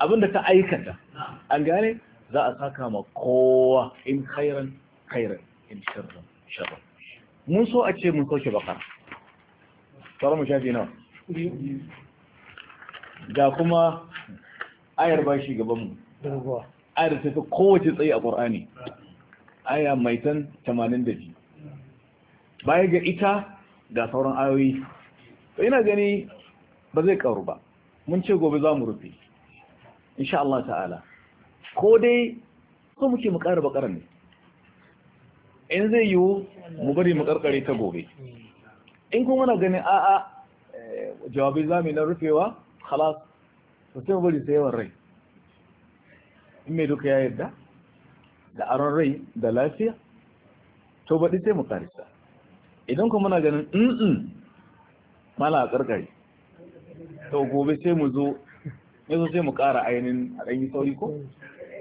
abinda ta aikata an gane za a saka ma kowa in kairan kairan in shirin-shirin. mun so a ce mun sauke bakar sauran mu shafi nawa ga kuma ayar ba shi gabanmu. mu ayar ta kowace tsayi a ƙur'ani aya mai tan 82 baya ga ita ga sauran ayoyi ba ina gani ba zai ƙaru ba mun ce gobe za mu rufe insha Allah ta'ala ko dai ko muke mu ƙara bakar ne in zai yiwu mu bari mu karkare ta gobe in kuma na ganin a'a eh, jawabi zamu na rufewa khalas to sai bari sai yawan rai in mai duka ya yarda da aron rai da lafiya to baɗi sai mu karisa idan kuma muna ganin mm mala a ƙarƙari to gobe sai mu zo ya zo sai mu ƙara ainihin a ɗanyi sauri ko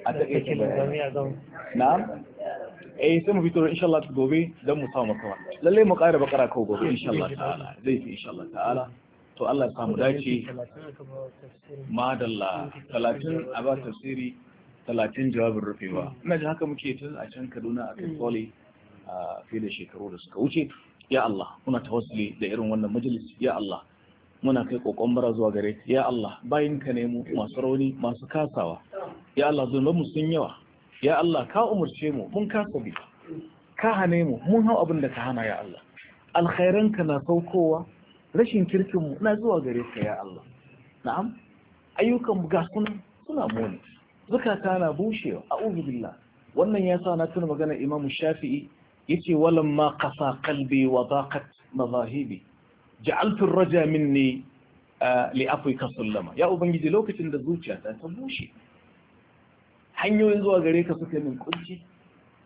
a taƙaice bayani Na? eh sai mu fito insha Allah gobe dan mu samu kawa lalle mu ƙara bakara kawai gobe insha Allah ta'ala zai fi insha Allah ta'ala to Allah ya samu dace madalla talatin a ba tasiri talatin jawabin rufewa ina ji haka muke tun a can kaduna a kai a fiye da shekaru da suka wuce ya Allah muna tawassuli da irin wannan majalis ya Allah muna kai kokon bara zuwa gare ya Allah bayan ka nemo masu rauni masu kasawa ya Allah zunuban mu sun yawa ya Allah ka umarce mu mun kasa bi ka hane mu mun hau abin da ka hana ya Allah alkhairanka na saukowa rashin kirkinmu na zuwa gare ka ya Allah na'am ayyukan ga suna suna muni zukata na bushewa a'udhu billah wannan yasa na tuna magana Imam Shafi'i yace ma qasa qalbi wa daqat mazahibi ja'altu ar-raja minni li afwika sallama ya ubangiji lokacin da zuciyata ta bushe hanyoyin zuwa gare ka suka min kunci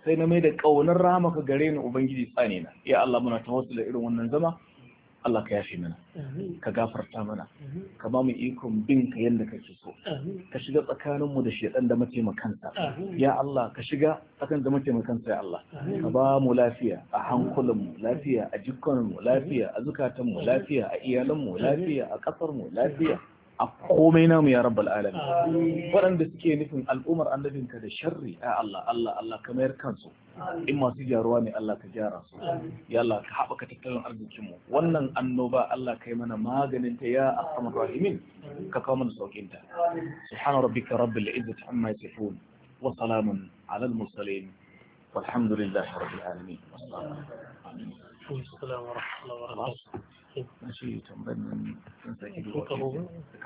sai na mai da kaunar rahama ka gare ni ubangiji tsane na ya Allah muna tawassul da irin wannan zama Allah ka yafe mana ka gafarta mana ka ba mu ikon bin ka yadda kake so ka shiga tsakanin mu da shedan da mataimakansa ya Allah ka shiga tsakanin da mataimakansa ya Allah ka ba mu lafiya a hankulan mu lafiya a jikkan mu lafiya a zukatan mu lafiya a iyalan mu lafiya a kasar mu lafiya a komai namu ya rabbal alamin waɗanda suke nufin al'ummar annabinka da sharri ya Allah Allah Allah ka mayar kansu in masu jaruwa ne Allah ka gyara su ya Allah ka haɓaka tattalin arzikin mu wannan annoba Allah kai mana maganin ta ya arhamar rahimin ka kawo mana saukin ta subhana rabbika rabbil izzati amma yasifun wa salamun ala mursalin walhamdulillahi rabbil alamin assalamu alaikum wa rahmatullahi wa barakatuh shi tambayar nan sun saki